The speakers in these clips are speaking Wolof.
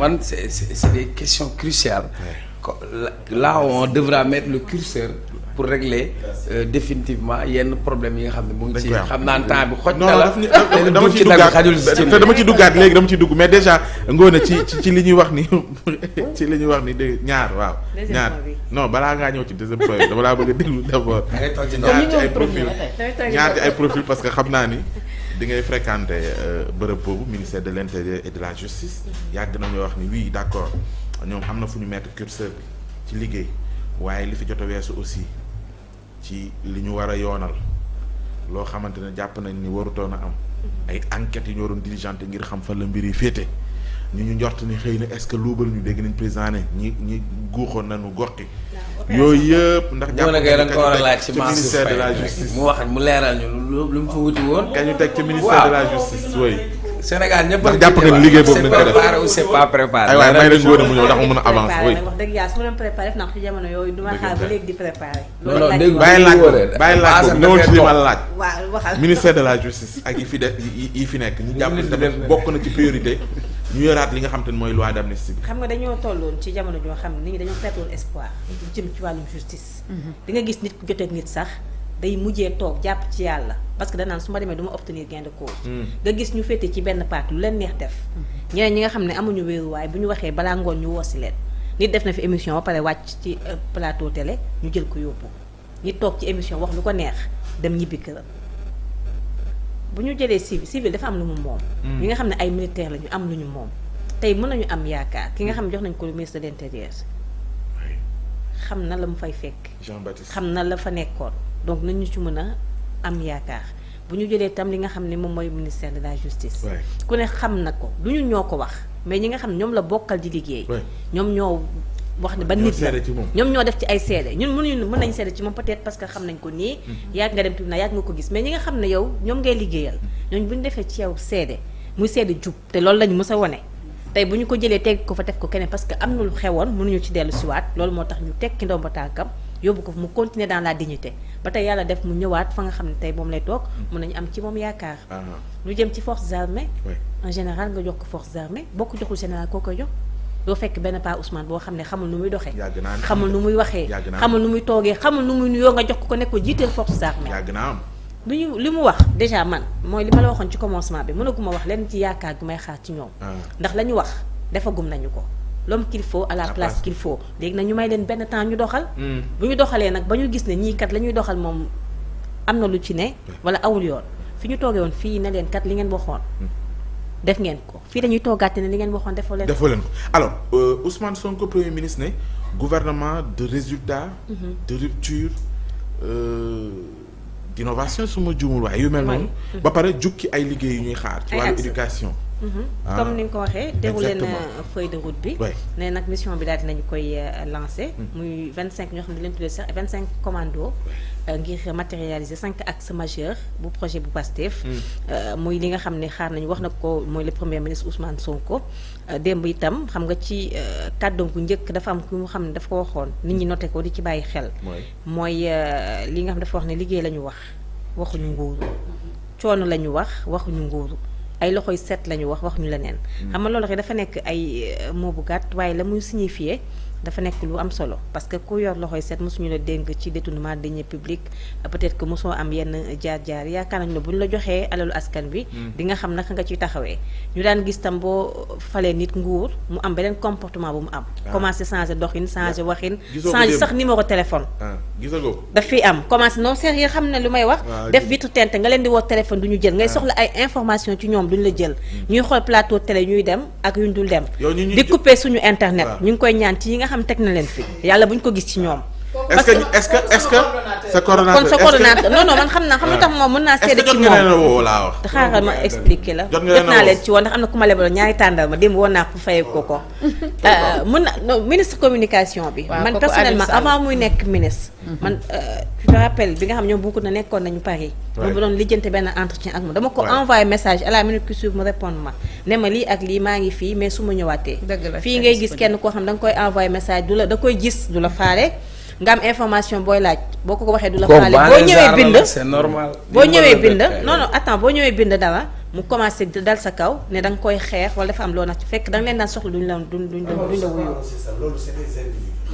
man c'est c'est des questions cruciales là on devra mettre le curseur pour régler euh, définitivement yenn problème yi nga xam ne mu ngi ci xam naan temps bi xoj na la dama ci duggaat te dama ci duggaat léegi dama ci dugg mais déjà ngóon a ci ci li ñuy wax ni ci li ñuy wax ni de ñaar waaw ñaar no balaa ngaa ñëw ci deuxième point dama laa bëgg a déglu d'abord ci ay profil ñaar ci ay profil parce que xam naa ni bi ngay fréquenté euh, bërëb boobu ministère de l'intérieur et de la justice yàgg nañoo wax ni oui d'accord ñoom am na fu ñu mettre curseur bi ci liggéey waaye li fi jot a weesu aussi ci li ñu war a yoonal loo xamante ne jàpp nañ ni warutoon a am ay enquêtes yu ñu waroon diligente ngir xam fan la mbir yi féete ñu ñu njort ni xëy na est-ce que luubal ñu dégg nañ président ne ñi ñi guuxoon nañu goxi yooyu yëpp ndax jàpp nga ko a laaj la justice mu wax mu leeral lu mu woon kañu teg la justice waaw Sénégal ñëpp ndax jàpp nga liggéey boobu nañ ko def préparé ou c'est pas préparé ay waay may leen góode mu ñëw ndax mu mën a avancer oui wax dëgg yàlla su ma ci jamono yooyu ministère de la justice ak yi fi de yi fi nekk ñu jàpp ni tamit bokk na ci priorité ñu yoraat li nga xam te ne mooy loi d'amnistie bi. xam nga dañoo tolloon ci jamono joo xam ne nit ñi dañoo perte woon espoir. lu jëm ci wàllum justice. Mhm. di nga gis nit ku jotee nit sax day mujjee toog jàpp ci yàlla parce que danaan su ma demee du ma obtenir gain de cause. Mhm. nga gis ñu féete ci benn paak lu leen neex def. Mhm. ñeneen ñi nga xam ne amuñu wéeruwaay bu ñu waxee balaa ngoon ñu woosi leen nit def na fi émission ba pare wàcc ci euh, plateau télé ñu jël ko yóbbu nit toog ci émission wax lu ko neex dem ñibbi këram bu ñu jëlee civil civil dafa am lu mu moom mm. ñi nga xam ne ay militaire la ñu am lu ñu moom tey mën nañu am yaakaar ki nga mm. xam ne jox nañ ko le ministre de xam na la mu fay fekk jean xam na la fa nekkoon donc nañu ci mën a am yaakaar bu ñu jëlee tam li xam ne moom mooy ministère de la justice ku ne xam na ko du ñu ñoo ko wax mais ñi nga xam ñoom la bokkal di liggéey ñoom ñoo wax ne ba nit la ñoom ñoo def ci ay seede ñun mënuñu mën nañ seede ci moom peut-être parce que xam nañ ko nii mm-hmm. yaag nga dem tribunal yaag nga ko gis mais ñi nga xam ne yow ñoom ngay liggéeyal mm-hmm. ñooñ bu ñu defee ci yow seede muy seede jub te loolu lañu mës a wone tey bu ñu ko jëlee teg ko fa def ko keneen parce que am na lu xewoon mënuñu ci dellu siwaat loolu moo tax ñu tekki ndombo tànkam yóbbu ko mu continuer dans la dignité ba tey yàlla def mu ñëwaat fa nga xam ne tey moom lay toog mm-hmm. mun nañu am ci moom yaakaar lu ah. jëm ci forces armées en général nga jox ko forces armées boo ko joxul général koo koy jox doo fekk benn pa Ousmane boo xam ne xamul nu muy doxee xamul nu muy waxee xamul nu muy toogee xamul nu muy nuyoo nga jox ko nekk ko jiiteel forces armées lu ñu li mu wax déjà man mooy li ma la waxoon ci commencement bi mënaguma wax leen ci yaakaar gu may xaar ci ñoom ah. ndax la ñu wax defagum nañu ko l'homme qu'il faut à la place qu'il faut léegi nag ñu may leen benn temps ñu doxal hmm. bu ñu doxalee nag ba ñu gis ne ñii kat la ñuy doxal moom am na lu ci ne hmm. wala awul yoon fi ñu toogee woon fii ne leen kat li ngeen waxoon hmm. def ngeen ko fii dañuy toogaate ne li ngeen waxoon defoo leen ko. defoo leen ko alors euh, Ousmane Sonko premier ministre ne gouvernement de résultat. Mm -hmm. de rupture euh, d' su ma juumul waaye yu mel noonu. Mhm. ba pare jukki ay liggéey yu ñuy xaar. ci wàllu éducation. Mm-hmm. comme ni nga ko waxee ah, déroulé na feuille de route bi ne nag mission bi daal dinañu koy euh, lancé mm. muy vingt cinq ñoo xam ne leen vingt cinq commando euh, ngir matérialiser cinq axes majeurs bu projet bu Pastef mm. euh, muy li nga xam ne xaar nañu wax na ko mooy le premier ministre Ousmane Sonko démb itam xam nga ci kàddoom gu njëkk dafa am ku mu xam ne dafa ko waxoon nit ñi noté di ci bàyyi xel mooy li nga xam dafa ne liggéey la ñu wax waxuñu nguuru mm-hmm. coono la ñu wax waxuñu nguuru ay loxo yu set la ñu wax wax ñu leneen. Mm. xam nga loolu dafa nekk ay euh, mot bu gàtt waaye la muy signifier dafa nekk lu am solo parce que ku yor loxoy set mosuñu la dénk ci détournement de deniers publics peut-être am yenn jaar-jaar yaakaar nañu ne bu ñu la joxee alalu askan bi hmm. di nga xam naka nga ciy taxawee ñu daan gis tam boo falee nit nguur mu am beneen comportement bu mu am ah. commencé changé doxin changé waxin changé sax numéro téléphone ah, daf fi am commencé non sérieux xam ne lu may wax ah, def vitre teinte nga leen di woo téléphone du ñu jël ngay soxla ay information ci ñoom duñu la jël hmm. ñuy xool plateau télé ñuy dem ak yuñ dul dem di couper xam teg na leen fii yàlla bu buñ ko gis ci ñoom. parce que sa coordonnateur kon man xam naa xam lu tax moom mën naa seede ci moom te la jot naa leen ci woon ndax am na ku ma lebaloon ñaari tàndal ma démb woon naa ko fayee ko ko euh, mën na ministre communication bi man personnellement avant muy nekk ministre mhm. man tu euh, te bi nga xam ñoom bugg na nekkoon nañu Paris ñu doon lijjante benn entretien ak moom dama ko envoyé message à la minute qui suit ne ma lii ak lii maa ngi fii mais su ma ñëwaatee fii ngay gis kenn koo xam da nga koy envoyé message du la da koy gis du la faale nga am information booy laaj boo ko ko waxee du la faale boo ñëwee bind c'est normal boo ñëwee bind non non boo ñëwee bind dara mu commencé dal sa kaw ne danga koy xeex wala dafa am loo nax fekk danga leen daan soxla duñ la duñ duñ duñ la wuyu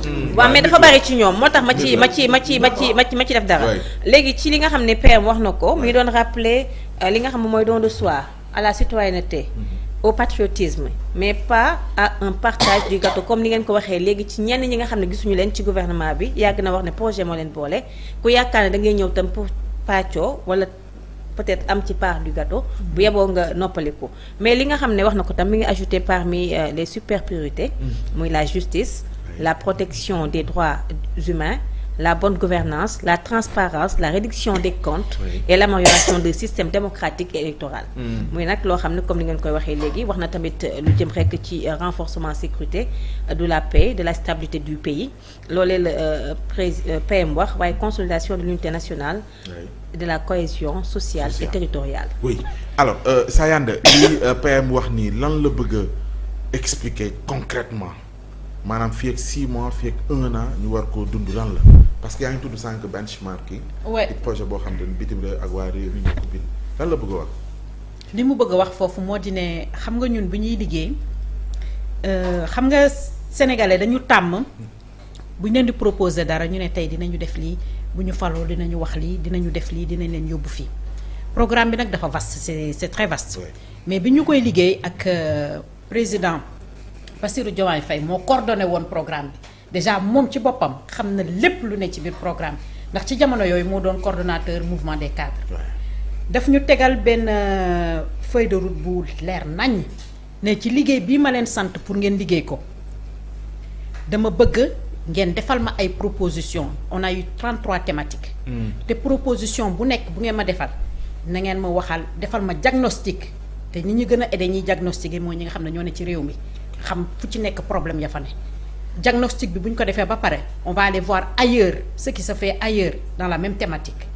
hmm. waaw mais dafa bari ci ñoom moo tax ma ci ma ci ma ci ma ci ma ci ma ci def dara léegi ci li nga xam ne PM wax na ko mu ngi doon rappeler euh, li nga xam ne mooy don de soi à la citoyenneté hmm. au patriotisme mais pas à un partage du gâteau comme ni ngeen ko waxee léegi ci ñenn ñi nga xam ne gisuñu leen ci gouvernement bi yàgg na wax ne projet moo leen boole ku yaakaar ne dangay ñëw tam pour pàccoo wala peut-être am ci part du gato bu yeboo nga noppaliku mais li nga xam ne wax na ko tam mi ngi ajouté parmi euh, les super priorités mm. muy la justice la protection des droits humains la bonne gouvernance la transparence la réduction des comptes oui. et l'amélioration des systèmes démocratiques et mu mm. muy nag loo xam ne comme ni ngeen koy waxee léegi wax na tamit lu jëm rekk ci renforcement sécurité du la paix de la stabilité du pays loolee la euh, pré euh, PM wax waaye consolidation de l'unité nationale de la cohésion sociale et territoriale oui alors euh, Sayanda li PM wax nii lan la bëgg a concrètement maanaam fii ak six mois fii ak ñu war koo dund lan la parce que yaa ngi tudd sànq benchmarking. oui projet boo xam ne bitim réew ak waa réew mi ñoo ko bind lan la bëgg wax. li mu bëgg a wax foofu moo di ne xam nga ñun bu ñuy liggéey euh, xam nga sénégalais dañu tàmm bu ñu leen di proposer dara ñu ne tey dinañu def lii bu ñu faloo dinañu wax lii dinañu def lii dinañ leen yóbbu fii programme bi nag dafa vaste c'est c'est très vaste. mais bi ñu koy liggéey ak euh, président Bassirou Diomaye fay moo coordonné woon programme bi. déjà moom ci boppam xam na lépp lu ne ci biir programme ndax ci jamono yooyu moo doon coordonnateur mouvement des cadres daf ñu tegal benn euh, feuille de route bu leer nañ ne ci liggéey bii ma leen sant pour ngeen liggéey ko dama bëgg ngeen defal ma ay proposition on a eu 33 thématiques hmm. te proposition bu nekk bu ngeen ma defal na ngeen ma waxal defal ma diagnostic te nit ñu gën a aidé ñiy diagnostiqué mooy ñi nga xam ne ñoo ne ci réew mi xam fu ci nekk problème ya fa ne diagnostic bi bu ñu ko defee ba pare on va aller voir ailleurs ce qui se fait ailleurs dans la même thématique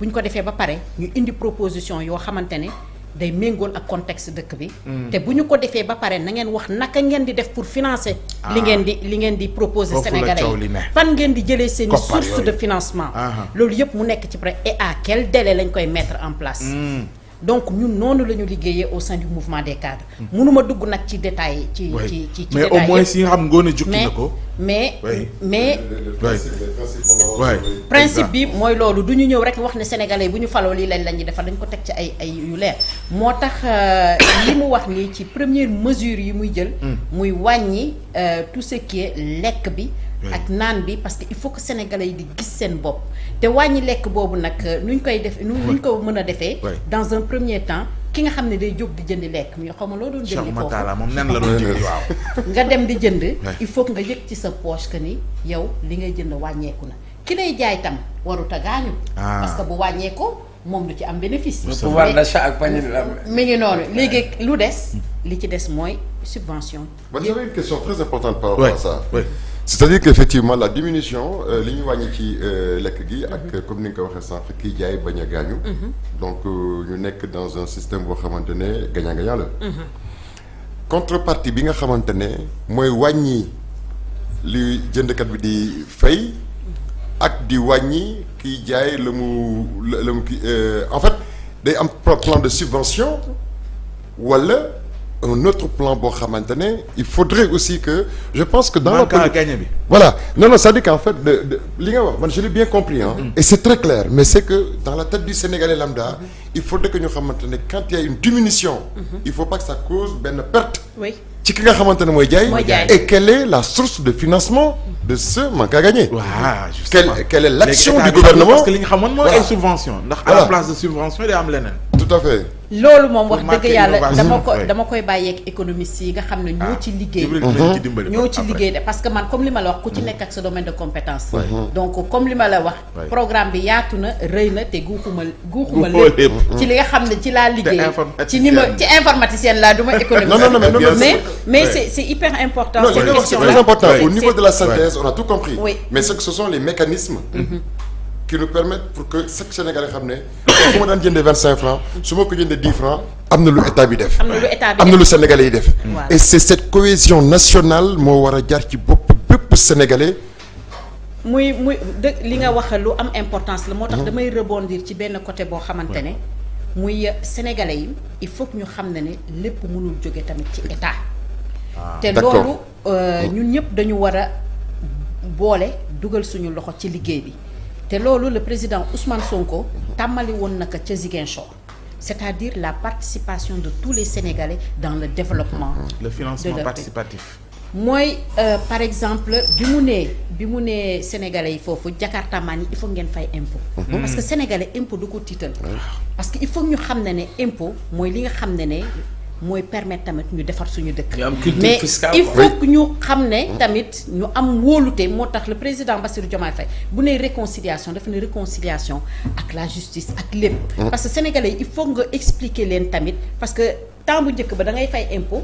bu ñu ko defee ba pare ñu indi proposition yoo xamante ne day méngool ak contexte dëkk bi. Mm. te bu ñu ko defee ba pare na ngeen wax naka ngeen di def pour financer. Ah. li ngeen di li ngeen di proposer. Sénégalais yi fan ngeen di jëlee seen i source de financement. Ah. loolu yëpp mu nekk ci pare et à quel délai lañ koy mettre en place. Mm. donc ñun noonu la ñu liggéeyee au sein du mouvement des cadres. mënuma dugg nag ci détails ci ci ci ci mais au moins si nga xam jukki na ko. mais mais principe bi mooy loolu du ñu ñëw rek wax ne sénégalais bu ñu faloo lii lañ la ñuy defal dañ ko teg ci ay ay yu leer moo tax euh, li mu wax nii ci première mesure yi muy jël. Hmm. muy wàññi euh, tout ce qui lekk bi. ak naan bi parce que il faut que sénégalais yi di gis seen bopp te wàññi lekk boobu nag euh, nuñ koy def nuñ ko mën a defee dans un premier temps ki nga xam ne day jóg di jëndi lekk mu xaw ma loo doon jëndi foofu moom nen la doon jëndi nga dem di jënd il faut que nga yëg ci sa poche que ni yow li ngay jënd wàññeeku na ki lay jaay tam warut a gaañu ah. parce bu wàññeekoo moom lu ci am bénéfice pouvoir d'achat ak panier de la mi ngi noonu léegi lu des mm. li ci des mooy subvention vous avez une question très par rapport à c'est-à-dire que effectivement la diminution euh, li ñu wàññi ci euh, lekk gi. ak mhm. comme ni nga ko waxee sànq kii jaay bañ a gaañu. Mhm. donc euh, ñu nekk dans un système boo xamante ne gagnant-gagnant la. Mhm. contrepartie bi nga xamante ne mooy wàññi li jëndkat bi di fay ak di wàññi kiy jaay la mu la mu kii en fait day am plan de subvention wala. un autre plan boo xamante ne il faudrait aussi que je pense que dans la gagné bi voilà non non cest dire qu'en fait de de li nga wax man je l'ai bien compris hein mm-hmm. et c'est très clair mais c'est que dans la tête du Sénégalais lambda mm-hmm. il faudrait que ñu xamante ne quand il y a une diminution mm-hmm. il faut pas que ça cause benn perte ki nga xamante ne mooy jaay et quelle est la source de financement de ce manque à gagner quelle est l'action du gouvernement parce que li nga xamoon mooy ay subvention ndax à la place de subvention tout à fait loolu moom wax dëgg yàlla dama ko dama koy bàyyeek économistes yi nga xam ne ñoo ah. ci liggéey mm-hmm. ñoo ci liggéey de parce que man comme li ma la wax ku ci mm-hmm. nekk ak sa domaine de compétence mm-hmm. donc comme li ma la wax programme bi yaatu na rëy na te guuxuma guuxuma lépp ci li nga xam ne ci laa liggéey ci ni ma ci informaticienne laa du ma mais mais c'est hyper important c'est très important au niveau de la synthèse on a tout compris mais ce que qui nous permettent pour que chaque Sénégalais xam ne su ma daan jëndee vingt cinq francs su ma ko jëndee dix francs am na lu état bi def am na lu Sénégalais yi def et c'est cette cohésion nationale moo war a jaar ci bopp bépp Sénégalais muy muy dëgg li nga wax lu am importance la moo tax mhm. damay rebondir ci benn côté boo xamante ne muy Sénégalais yi il faut ñu xam ne ne lépp mënul jóge tamit ci état ah. te loolu euh, mm. ñun ñëpp dañu war a boole dugal suñu loxo ci liggéey bi te loolu la président Ousmane Sonko tàmmali woon naka ca Ziguinchor c'est-à-dire la participation de tous les Sénégalais dans le développement le financement participatif mooy euh, par exemple bi mu ne bi mu nee Sénégalais yi foofu Jakarta maan yi il faut ngeen fay impôt mmh. parce que Sénégalais impôt du ko tiital ah. parce que il faut ñu xam ne ne impôt mooy li nga xam ne ne mooy permettre tamit ñu defar suñu dëkk. mais il faut que ñu xam ne tamit ñu am wóolute moo tax le président Bassirou Diomaye Faye bu ne réconciliation dafa ne réconciliation ak la justice ak lépp. Mm. parce que sénégalais il faut nga expliquer leen tamit parce que temps bu njëkk ba da ngay fay impôt.